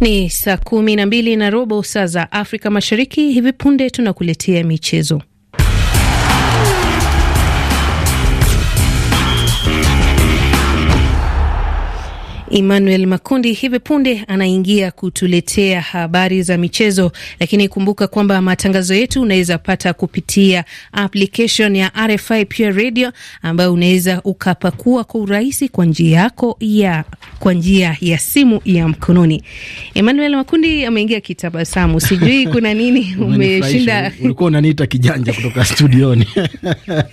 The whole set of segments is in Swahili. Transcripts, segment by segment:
Ni saa kumi na mbili na robo saa za Afrika Mashariki. Hivi punde tunakuletea michezo. Emmanuel Makundi hivi punde anaingia kutuletea habari za michezo, lakini kumbuka kwamba matangazo yetu unaweza pata kupitia application ya RFI Pure Radio ambayo unaweza ukapakua kwa urahisi kwa njia yako ya kwa njia ya simu ya mkononi. Emmanuel Makundi ameingia kitabasamu, sijui kuna nini umeshinda. Ulikuwa unaniita kijanja kutoka studioni.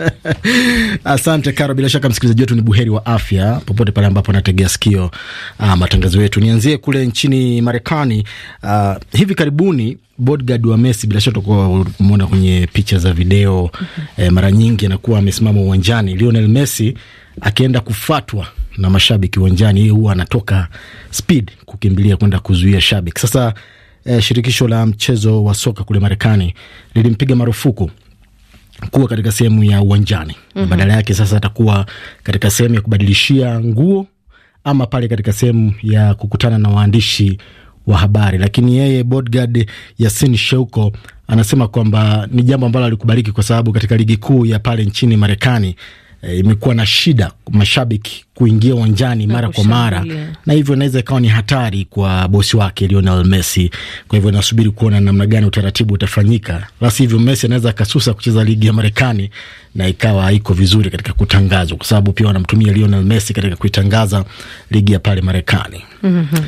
Asante Karo, bila shaka msikilizaji wetu ni buheri wa afya popote pale ambapo anategea sikio uh, matangazo yetu. Nianzie kule nchini Marekani. Uh, hivi karibuni bodyguard wa Messi, bila shaka utakuwa umeona kwenye picha za video mm -hmm. eh, mara nyingi anakuwa amesimama uwanjani, Lionel Messi akienda kufatwa na mashabiki uwanjani, yeye huwa anatoka speed kukimbilia kwenda kuzuia shabiki. Sasa eh, shirikisho la mchezo wa soka kule Marekani lilimpiga marufuku kuwa katika sehemu ya uwanjani mm -hmm. Badala yake sasa atakuwa katika sehemu ya kubadilishia nguo ama pale katika sehemu ya kukutana na waandishi wa habari. Lakini yeye bodgad Yasin Sheuko anasema kwamba ni jambo ambalo alikubaliki kwa sababu katika ligi kuu ya pale nchini Marekani e, imekuwa na shida mashabiki kuingia uwanjani mara kwa mara, na hivyo inaweza ikawa ni hatari kwa bosi wake Lionel Messi. Kwa hivyo nasubiri kuona namna gani utaratibu utafanyika, la sivyo Messi anaweza akasusa kucheza ligi ya Marekani na ikawa haiko vizuri katika kutangazwa, kwa sababu pia wanamtumia Lionel Messi katika kuitangaza ligi ya pale Marekani. mm -hmm.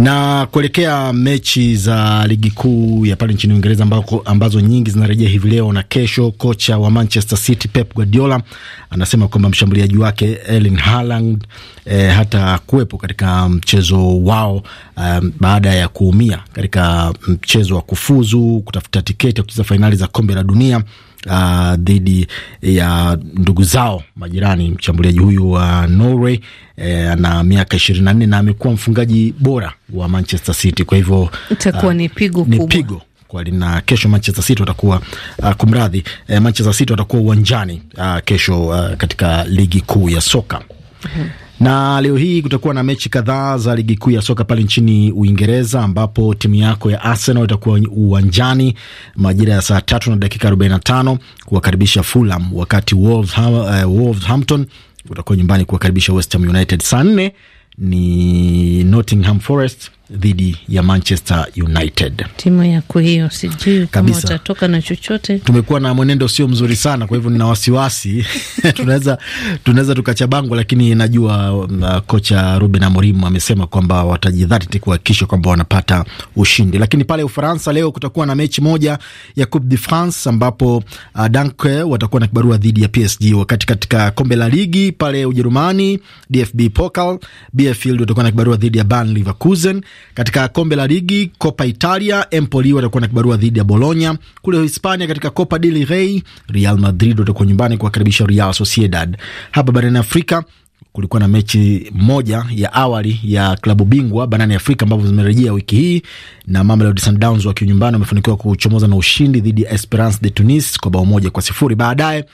Na kuelekea mechi za ligi kuu ya pale nchini Uingereza ambako, ambazo nyingi zinarejea hivi leo na kesho, kocha wa Manchester City Pep Guardiola anasema kwamba mshambuliaji wake Erling Haaland e, hata kuwepo katika mchezo wao um, baada ya kuumia katika mchezo wa kufuzu kutafuta tiketi ya kucheza fainali za kombe la dunia uh, dhidi ya ndugu zao majirani. Mshambuliaji huyu wa uh, Norway eh, ana eh, miaka ishirini na nne na amekuwa mfungaji bora wa Manchester City. Kwa hivyo itakuwa uh, ni pigo kubwa, ni pigo na kesho Manchester City watakuwa uh, kumradhi eh, Manchester City watakuwa uwanjani uh, kesho uh, katika ligi kuu ya soka mm -hmm. Na leo hii kutakuwa na mechi kadhaa za ligi kuu ya soka pale nchini Uingereza, ambapo timu yako ya Arsenal itakuwa uwanjani majira ya saa tatu na dakika 45 kuwakaribisha Fulham, wakati Wolverham, uh, eh, Wolverhampton utakuwa nyumbani kuwakaribisha West Ham United. Saa nne ni Nottingham Forest dhidi ya Manchester United. Timu yako hiyo, sijui kama watatoka na chochote. Tumekuwa na mwenendo sio mzuri sana, kwa hivyo nina wasiwasi tunaweza tunaweza tukachabangwa, lakini najua um, uh, kocha Ruben Amorim amesema kwamba watajidhatiti kuhakikisha kwamba wanapata ushindi. Lakini pale Ufaransa leo kutakuwa na mechi moja ya Coupe de France ambapo uh, Danke watakuwa na kibarua dhidi ya PSG, wakati katika kombe la ligi pale Ujerumani, DFB Pokal, Bielefeld watakuwa na kibarua dhidi ya Bayer Leverkusen katika kombe la ligi copa Italia, Empoli watakuwa na kibarua dhidi ya Bologna. Kule Hispania, katika Copa del Rey, Real Madrid watakuwa nyumbani kuwakaribisha Real Sociedad. Hapa barani Afrika kulikuwa na mechi moja ya awali ya klabu bingwa barani Afrika ambavyo zimerejea wiki hii, na Mamelodi Sundowns wakiwa nyumbani wamefanikiwa kuchomoza na ushindi dhidi ya Esperance de Tunis kwa bao moja kwa sifuri. Baadaye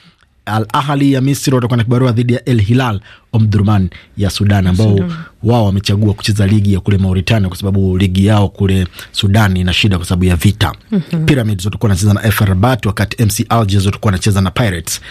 Al Ahli ya Misri watakuwa na kibarua dhidi ya El Hilal Omdurman ya Sudan, ambao wao wamechagua kucheza ligi ya kule Mauritania kwa sababu ligi yao kule Sudan ina shida kwa sababu ya vita. mm -hmm. Pyramids watakuwa anacheza na FAR Rabat, wakati MC Alger watakuwa anacheza na Pirates.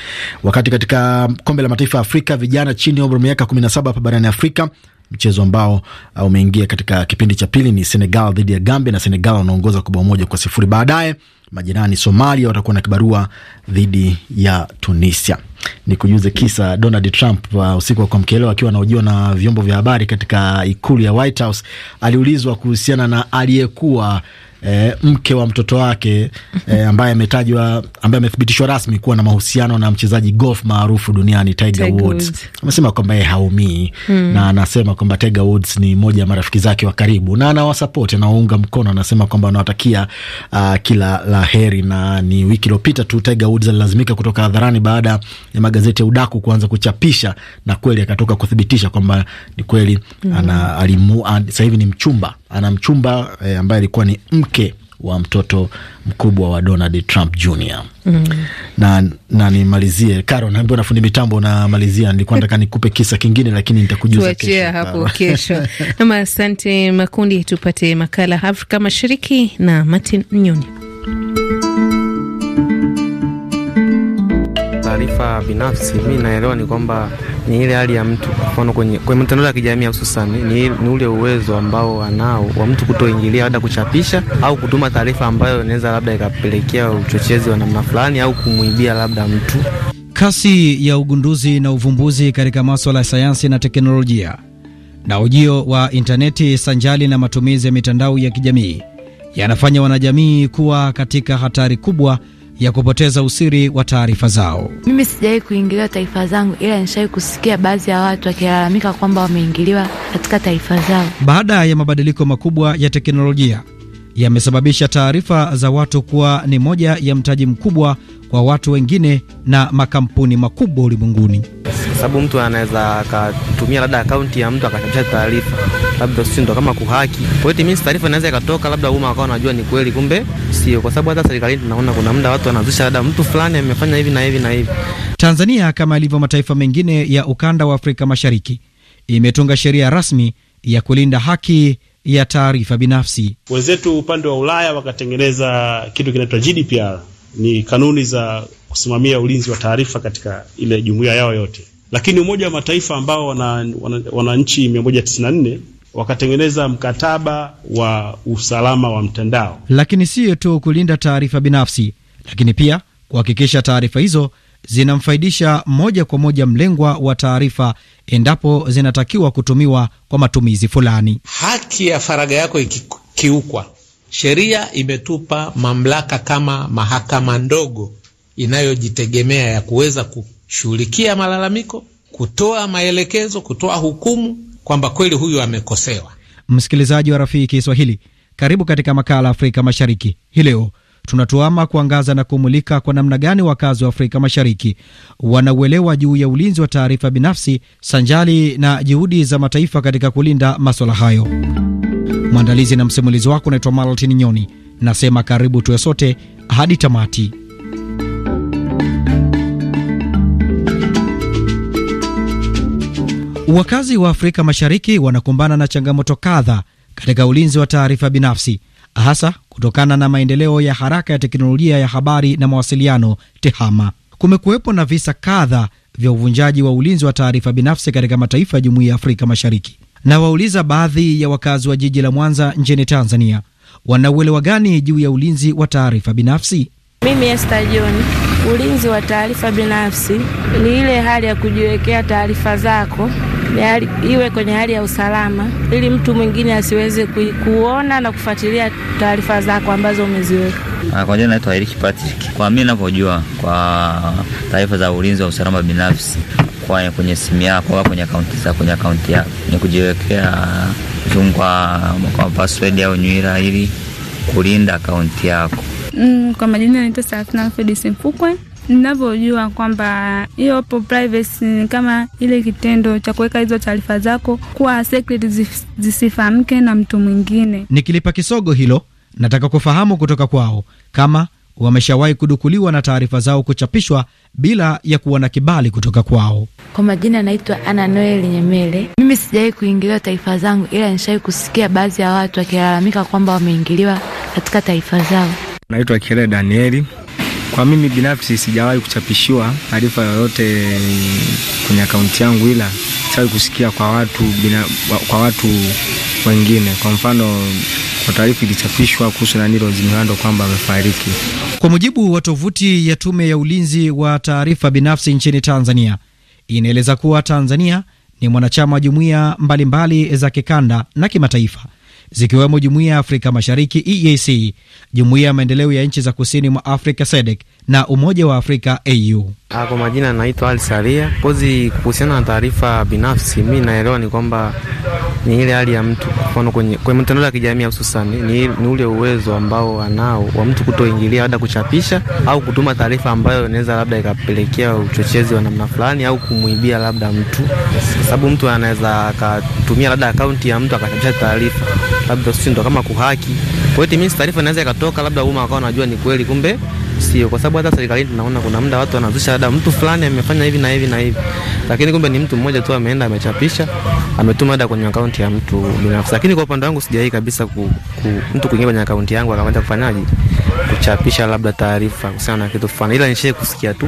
Wakati katika kombe la mataifa ya Afrika vijana chini ya umri wa miaka saba hapa barani Afrika mchezo ambao uh, umeingia katika kipindi cha pili ni Senegal dhidi ya Gambia na Senegal wanaongoza kwa bao moja kwa sifuri. Baadaye Majirani Somalia watakuwa na kibarua dhidi ya Tunisia ni kujuze kisa Donald Trump uh, usiku wa kuamkia leo akiwa anahojiwa na vyombo vya habari katika ikulu ya White House aliulizwa kuhusiana na aliyekuwa E, mke wa mtoto wake e, ambaye ametajwa ambaye amethibitishwa rasmi kuwa na mahusiano na mchezaji golf maarufu duniani Tiger Woods amesema kwamba yeye haumii hmm, na anasema kwamba Tiger Woods ni mmoja wa marafiki zake wa karibu na anawasupport, anawaunga mkono, anasema kwamba anawatakia uh, kila la heri. Na ni wiki iliyopita tu Tiger Woods alilazimika kutoka hadharani baada ya magazeti ya udaku kuanza kuchapisha, na kweli akatoka kuthibitisha kwamba ni kweli mm. sasa hivi ni mchumba, ana mchumba e, ambaye alikuwa ni mke wa mtoto mkubwa wa Donald Trump Jr. Mm. Na, na nimalizie Karo, naambiwa nafundi mitambo namalizia, nilikuwa nataka nikupe kisa kingine lakini nitakujuza kesho, hapo kesho. Nam, asante makundi, tupate makala Afrika Mashariki na Martin Mnyoni. taarifa binafsi, mi naelewa ni kwamba ni ile hali ya mtu, mfano kwenye, kwenye mitandao ya kijamii hususan ni, ni ule uwezo ambao anao wa mtu kutoingilia labda kuchapisha au kutuma taarifa ambayo inaweza labda ikapelekea uchochezi wa namna fulani au kumwibia labda mtu. Kasi ya ugunduzi na uvumbuzi katika maswala ya sayansi na teknolojia na ujio wa intaneti sanjali na matumizi ya mitandao ya kijamii yanafanya wanajamii kuwa katika hatari kubwa ya kupoteza usiri wa taarifa zao. Mimi sijawahi kuingiliwa taarifa zangu, ila nishawahi kusikia baadhi ya watu wakilalamika kwamba wameingiliwa katika taarifa zao. Baada ya mabadiliko makubwa ya teknolojia yamesababisha taarifa za watu kuwa ni moja ya mtaji mkubwa kwa watu wengine na makampuni makubwa ulimwenguni, sababu mtu anaweza akatumia labda akaunti ya mtu akachapisha taarifa labda sisi ndo kama kuhaki. Kwa hiyo taarifa inaweza ikatoka labda umma akawa anajua ni kweli, kumbe sio, kwa sababu hata serikalini tunaona kuna muda watu wanazusha labda mtu fulani amefanya hivi na hivi na hivi. Tanzania kama ilivyo mataifa mengine ya ukanda wa Afrika Mashariki imetunga sheria rasmi ya kulinda haki ya taarifa binafsi. Wenzetu upande wa Ulaya wakatengeneza kitu kinaitwa GDPR, ni kanuni za kusimamia ulinzi wa taarifa katika ile jumuiya yao yote, lakini Umoja wa Mataifa ambao wana, wana, wana nchi 194 wakatengeneza mkataba wa usalama wa mtandao, lakini siyo tu kulinda taarifa binafsi, lakini pia kuhakikisha taarifa hizo zinamfaidisha moja kwa moja mlengwa wa taarifa endapo zinatakiwa kutumiwa kwa matumizi fulani. Haki ya faragha yako ikikiukwa, sheria imetupa mamlaka kama mahakama ndogo inayojitegemea ya kuweza kushughulikia malalamiko, kutoa maelekezo, kutoa hukumu kwamba kweli huyu amekosewa. Msikilizaji wa rafiki Kiswahili, karibu katika makala Afrika Mashariki hii leo tunatuama kuangaza na kumulika kwa namna gani wakazi wa Afrika Mashariki wanauelewa juu ya ulinzi wa taarifa binafsi sanjali na juhudi za mataifa katika kulinda maswala hayo. Mwandalizi na msimulizi wako unaitwa Maltin Nyoni, nasema karibu tuwe sote hadi tamati. Wakazi wa Afrika Mashariki wanakumbana na changamoto kadha katika ulinzi wa taarifa binafsi hasa kutokana na maendeleo ya haraka ya teknolojia ya habari na mawasiliano TEHAMA. Kumekuwepo na visa kadha vya uvunjaji wa ulinzi wa taarifa binafsi katika mataifa ya Jumuiya ya Afrika Mashariki, nawauliza baadhi ya wakazi wa jiji la Mwanza nchini Tanzania wanauelewa gani juu ya ulinzi wa taarifa binafsi? Mimi Esta John, ulinzi wa taarifa binafsi ni ile hali ya kujiwekea taarifa zako hali, iwe kwenye hali ya usalama ili mtu mwingine asiweze kuona na kufuatilia taarifa zako ambazo umeziweka. Ah, kwa jina naitwa Eric Patrick. Kwa mimi ninavyojua, kwa taarifa za ulinzi wa usalama binafsi kwa kwenye simu yako au kwenye akaunti za kwenye akaunti yako ni kujiwekea zungwa kwa password au nywira ili kulinda akaunti yako. Mm, kwa majina naitwa Safina Fedi Ninavyojua kwamba hiyo privacy ni kama ile kitendo cha kuweka hizo taarifa zako kuwa secret zisifahamike na mtu mwingine. Nikilipa kisogo hilo, nataka kufahamu kutoka kwao kama wameshawahi kudukuliwa na taarifa zao kuchapishwa bila ya kuwa na kibali kutoka kwao. Kwa majina anaitwa Ana Noel Nyemele. Mimi sijawahi kuingiliwa taarifa zangu, ila nishawahi kusikia baadhi ya watu wakilalamika kwamba wameingiliwa katika taarifa zao. Naitwa Kile Danieli. Kwa mimi binafsi sijawahi kuchapishiwa taarifa yoyote kwenye akaunti yangu, ila sijawahi kusikia kwa watu, bina, kwa watu wengine. Kwa mfano kwa taarifa ilichapishwa kuhusu nani Rose Mihando kwamba amefariki. Kwa mujibu wa tovuti ya Tume ya Ulinzi wa Taarifa Binafsi nchini Tanzania, inaeleza kuwa Tanzania ni mwanachama wa jumuiya mbalimbali za kikanda na kimataifa zikiwemo Jumuiya ya Afrika Mashariki EAC, Jumuiya ya Maendeleo ya Nchi za Kusini mwa Afrika SADC na Umoja wa Afrika AU. Ah, kwa majina anaitwa Ali Saria Pozi. Kuhusiana na taarifa binafsi, mi naelewa ni kwamba ni ile hali ya mtu, kwa mfano kwenye kwenye mitandao ya kijamii hususan, ni, ni ule uwezo ambao anao wa mtu kutoingilia labda kuchapisha au kutuma taarifa ambayo inaweza labda ikapelekea uchochezi wa namna fulani au kumwibia labda mtu, kwa sababu mtu anaweza akatumia labda akaunti ya mtu akachapisha taarifa labda, sio ndo kama kuhaki. Kwa hiyo mimi taarifa inaweza ikatoka labda umma akawa anajua ni kweli, kumbe sio, kwa sababu hata serikalini tunaona kuna muda watu wanazusha ada, mtu fulani amefanya hivi na hivi na hivi, lakini kumbe ni mtu mmoja tu ameenda amechapisha ametuma ada kwenye akaunti ya mtu binafsi. Lakini kwa upande wangu sijawahi kabisa ku, ku, mtu kuingia kwenye akaunti yangu akaanza kufanyaje kuchapisha labda taarifa kuhusiana na kitu fulani, ila nishie kusikia tu.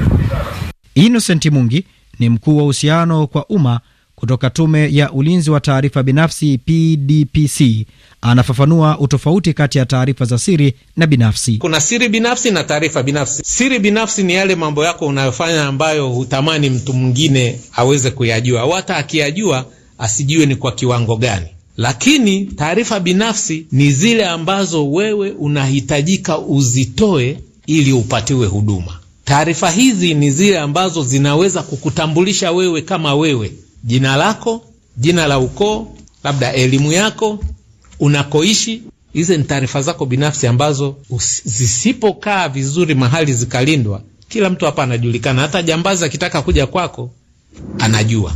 Innocent Mungi ni mkuu wa uhusiano kwa umma kutoka Tume ya Ulinzi wa Taarifa Binafsi PDPC anafafanua utofauti kati ya taarifa za siri na binafsi. Kuna siri binafsi na taarifa binafsi. Siri binafsi ni yale mambo yako unayofanya ambayo hutamani mtu mwingine aweze kuyajua, au hata akiyajua asijue ni kwa kiwango gani. Lakini taarifa binafsi ni zile ambazo wewe unahitajika uzitoe ili upatiwe huduma. Taarifa hizi ni zile ambazo zinaweza kukutambulisha wewe kama wewe jina lako, jina la ukoo, labda elimu yako, unakoishi. Hizi ni taarifa zako binafsi ambazo zisipokaa vizuri mahali zikalindwa, kila mtu hapa anajulikana, hata jambazi akitaka kuja kwako anajua.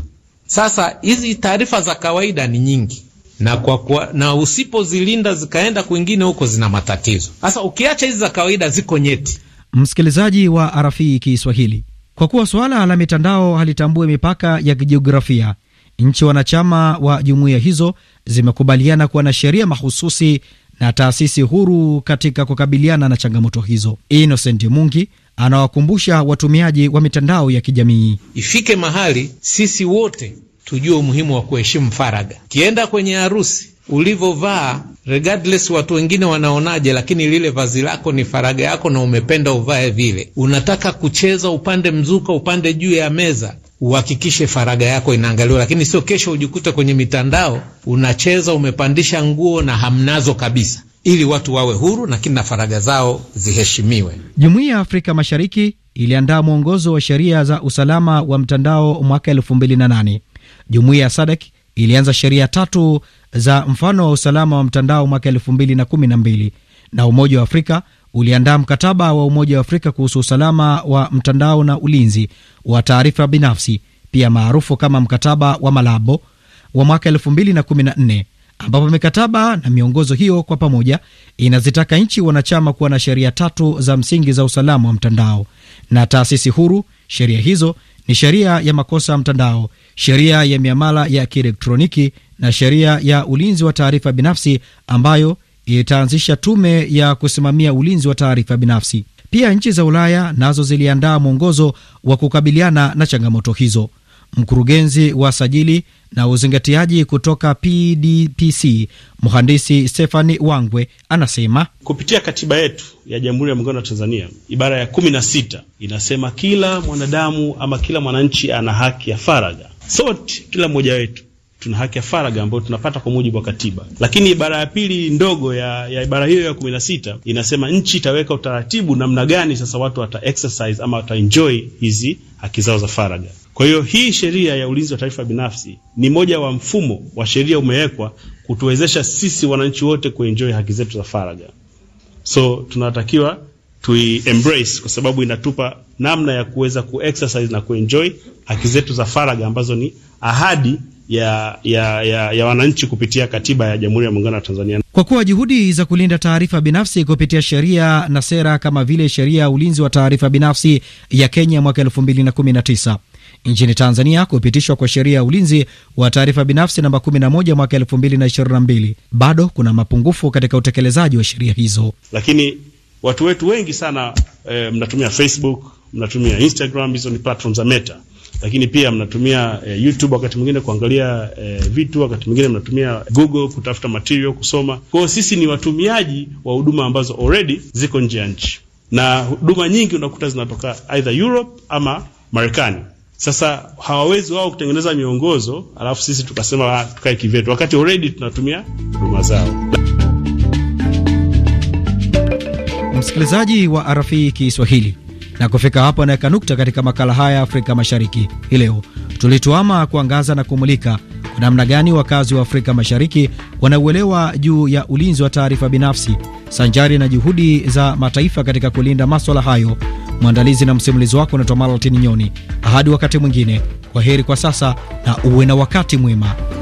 Sasa hizi taarifa za kawaida ni nyingi na kwa kwa, na usipozilinda zikaenda kwingine huko zina matatizo. Sasa ukiacha hizi za kawaida ziko nyeti. Msikilizaji wa RFI Kiswahili, kwa kuwa suala la mitandao halitambue mipaka ya kijiografia, nchi wanachama wa jumuiya hizo zimekubaliana kuwa na sheria mahususi na taasisi huru katika kukabiliana na changamoto hizo. Innocent Mungi anawakumbusha watumiaji wa mitandao ya kijamii, ifike mahali sisi wote tujue umuhimu wa kuheshimu faragha. Kienda kwenye harusi ulivyovaa, regardless watu wengine wanaonaje, lakini lile vazi lako ni faraga yako na umependa uvae vile. Unataka kucheza upande mzuka, upande juu ya meza, uhakikishe faraga yako inaangaliwa, lakini sio kesho ujikute kwenye mitandao unacheza, umepandisha nguo na hamnazo kabisa, ili watu wawe huru, lakini na faraga zao ziheshimiwe. Jumuiya ya Afrika Mashariki iliandaa mwongozo wa sheria za usalama wa mtandao mwaka 2008. Jumuiya ya SADC ilianza sheria tatu za mfano wa usalama wa mtandao mwaka 212 na na Umoja wa Afrika uliandaa mkataba wa Umoja wa Afrika kuhusu usalama wa mtandao na ulinzi wa taarifa binafsi, pia maarufu kama mkataba wa Malabo wa mwaka 2014 ambapo mikataba na miongozo hiyo kwa pamoja inazitaka nchi wanachama kuwa na sheria tatu za msingi za usalama wa mtandao na taasisi huru. Sheria hizo ni sheria ya makosa ya mtandao, sheria ya miamala ya kielektroniki na sheria ya ulinzi wa taarifa binafsi ambayo itaanzisha tume ya kusimamia ulinzi wa taarifa binafsi. Pia nchi za Ulaya nazo ziliandaa mwongozo wa kukabiliana na changamoto hizo. Mkurugenzi wa sajili na uzingatiaji kutoka PDPC mhandisi Stefani Wangwe anasema kupitia katiba yetu ya Jamhuri ya Muungano wa Tanzania ibara ya kumi na sita inasema kila mwanadamu ama kila mwananchi ana haki ya faragha. Sote, kila mmoja wetu tuna haki ya faragha ambayo tunapata kwa mujibu wa katiba. Lakini ibara ya pili ndogo ya, ya ibara hiyo ya kumi na sita inasema nchi itaweka utaratibu namna gani sasa watu wata exercise ama wata enjoy hizi haki zao za faragha. Kwa hiyo hii sheria ya ulinzi wa taarifa binafsi ni moja wa mfumo wa sheria umewekwa kutuwezesha sisi wananchi wote kuenjoy haki zetu za faragha, so tunatakiwa tui embrace kwa sababu inatupa namna ya kuweza kuexercise na kuenjoy haki zetu za faragha ambazo ni ahadi ya, ya, ya, ya wananchi kupitia katiba ya Jamhuri ya Muungano wa Tanzania. Kwa kuwa juhudi za kulinda taarifa binafsi kupitia sheria na sera kama vile sheria ya ulinzi wa taarifa binafsi ya Kenya mwaka 2019 nchini Tanzania kupitishwa kwa sheria ya ulinzi wa taarifa binafsi namba 11 mwaka 2022, bado kuna mapungufu katika utekelezaji wa sheria hizo. Lakini watu wetu wengi sana e, mnatumia Facebook, mnatumia Instagram, hizo ni platform za Meta lakini pia mnatumia e, YouTube wakati mwingine kuangalia e, vitu, wakati mwingine mnatumia Google kutafuta material kusoma. Kwa hiyo sisi ni watumiaji wa huduma ambazo already ziko nje ya nchi, na huduma nyingi unakuta zinatoka either Europe ama Marekani. Sasa hawawezi wao kutengeneza miongozo alafu sisi tukasema ah, tukae kivyetu, wakati already tunatumia huduma zao. Msikilizaji wa RFI Kiswahili, na kufika hapo anaweka nukta katika makala haya ya Afrika Mashariki hii leo. Tulituama kuangaza na kumulika kwa namna gani wakazi wa Afrika Mashariki wanauelewa juu ya ulinzi wa taarifa binafsi sanjari na juhudi za mataifa katika kulinda maswala hayo. Mwandalizi na msimulizi wako unaitwa Maltin Nyoni. Hadi wakati mwingine, kwa heri kwa sasa na uwe na wakati mwema.